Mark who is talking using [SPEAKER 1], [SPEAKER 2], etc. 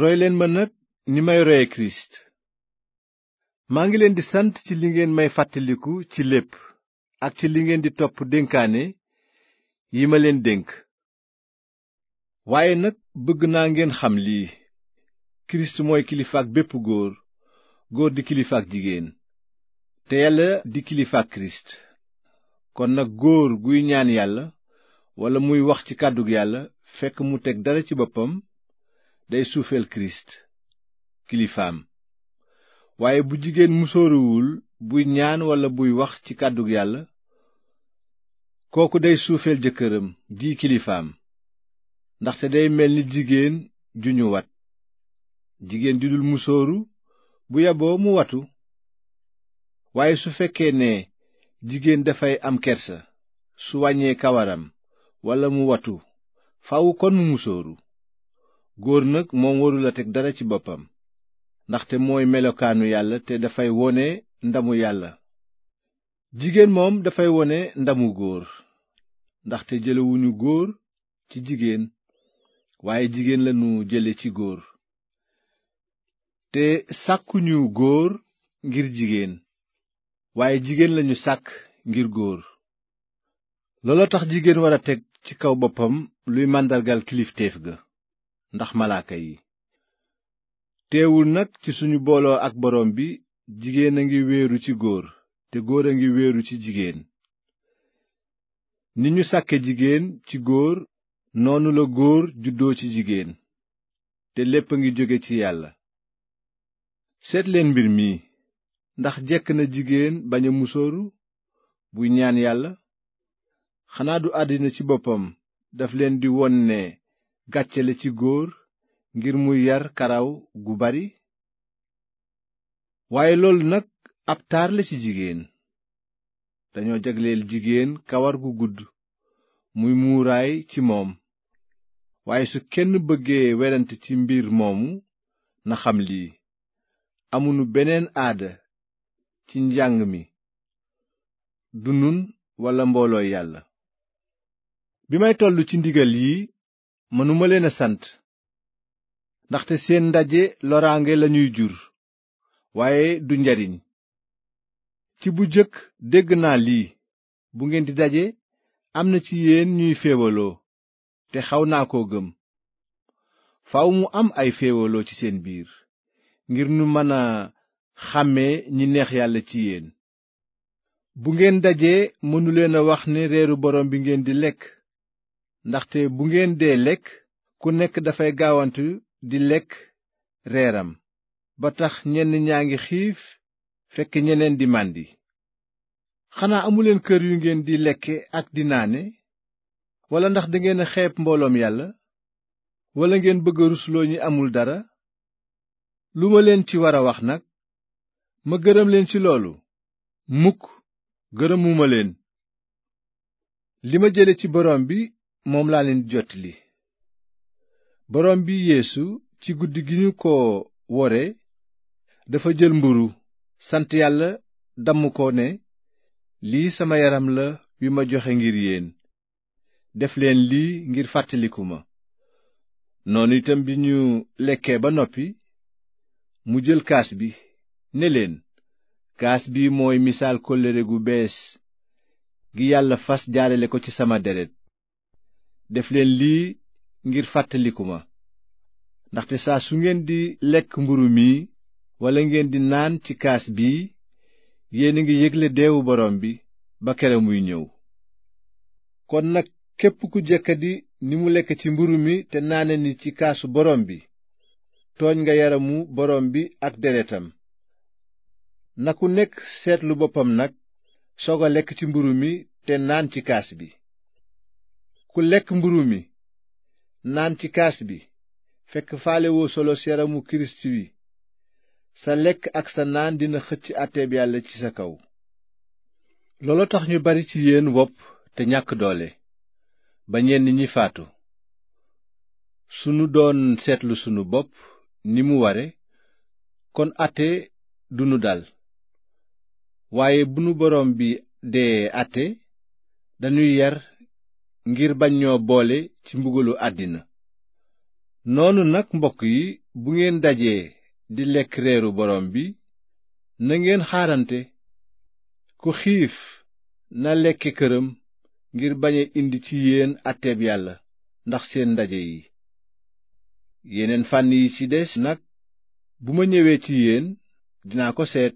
[SPEAKER 1] roy leen ma nag ni may roye kirist maa ngi leen di sant ci li ngeen may fàttaliku ci lépp ak ci li ngeen di topp dénkaane yi ma leen dénk waaye nag bëgg naa ngeen xam lii kirist mooy kilifaak bépp góor góor di kilifaak jigéen te yàlla di kilifaak kirist kon nag góor guy ñaan yàlla walla muy wax ci kàddu yàlla fekk mu teg dara ci boppam day suufeel kirist kilifaam waaye bu jigéen musóoruwul buy ñaan walla buy wax ci kàddu yàlla kooku day suufeel jëkkëram di kilifaam ndaxte day mel ni jigéen ju ñu wat jigéen ju dul musóoru bu yaboo mu watu waaye su fekkee ne jigéen dafay am kersa su wàññee kawaram walla mu watu faw kon mu musóoru góor nag moom a teg dara ci boppam ndaxte mooy melokaanu yàlla te dafay wone ndamu yàlla jigéen moom dafay wone ndamu góor ndaxte jëlewuñu góor ci jigéen waaye jigéen lanu jële ci góor te sàkkuñu góor ngir jigéen waaye jigéen lañu sàkk ngir góor looloo tax jigéen war a teg ci kaw boppam luy màndargal kilifteef ga ndax malaaka yi teewul nag ci suñu booloo ak boroom bi jigéen a ngi wéeru ci góor te góor a ngi wéeru ci jigéen ni ñu sàkke jigéen ci góor noonu la góor juddoo ci jigéen te lépp a ngi jóge ci yàlla seetleen mbir mi ndax jekk na jigéen bañ a musóoru buy ñaan yàlla xanaa du àddina ci boppam daf leen di won ne gàcce la ci góor ngir muy yar karaw gu bari waaye loolu nag ab taar la ci jigéen dañoo jagleel jigéen kawar gu gudd muy muuraay ci moom waaye su kenn bëggee werante ci mbir moomu na xam lii amunu beneen aada ci njàng mi du nun walla mbooloo yàlla bi may tollu ci ndigal yi mënuma leen a sant ndaxte seen ndaje loraange lañuy jur waaye du njariñ ci bu jëkk dégg naa lii bu ngeen di daje am na ci yéen ñuy féewaloo te xaw naa ko gëm faw mu am ay féewaloo ci seen biir ngir ñu mën a xàmmee ñi neex yàlla ci yéen bu ngeen dajee mënuleen a wax ne reeru borom bi ngeen di lekk ndaxte bu ngeen dee lekk ku nekk dafay gaawantu di lekk reeram ba tax ñenn ñaa ngi xiif fekk ñeneen di màndi xanaa amuleen kër yu ngeen di lekke ak di naane walla ndax dangeen a xeeb mbooloom yàlla walla ngeen bëgg rusloo ñi amul dara lu ma leen ci war a wax nag ma gërëm leen ci loolu mukk gërëmuma leen li ma ci borom bi moom laa leen jottali borom bi yéesu ci guddi gi ñu ko wore dafa jël mburu sant yàlla damm ko ne lii sama yaram la wi ma joxe ngir yéen def leen lii ngir fàttaliku ma noonu itam bi ñu lekkee ba noppi mu jël kaas bi ne leen kaas bi mooy misaal kóllëre gu bees gi yàlla fas jaarale ko ci sama deret def leen lii ngir fàttaliku ma ndaxte saa su ngeen di lekk mburu mi walla ngeen di naan ci kaas bi yéen a ngi yégle deewu borom bi ba kere muy ñëw kon nag képp ku jekkadi ni mu lekk ci mburu mi te naane ni ci kaasu borom bi tooñ nga yaramu borom bi ak deretam na ku nekk seetlu boppam nag soog a lekk ci mburu mi te naan ci kaas bi ku lekk mburu mi naan ci kaas bi fekk faalewoo solos yaramu kirist wi sa lekk ak sa naan dina xëcc àtteeb yàlla ci sa kaw loolo tax ñu bari ci yéen wopp te ñàkk doole ba ñenn ñi faatu sunu doon seetlu sunu bopp ni mu ware kon du nu dal waaye bu nu borom bi dee àtte dañuy yar ngir bañ ñoo boole ci mbugalu àddina noonu nag mbokk yi bu ngeen dajee di lekk reeru borom bi na ngeen xaarante ku xiif na lekke këram ngir bañ indi ci yeen àtteeb yàlla ndax seen ndaje yi yeneen fànn yi ci des nag bu ma ñëwee ci yéen dinaa ko seet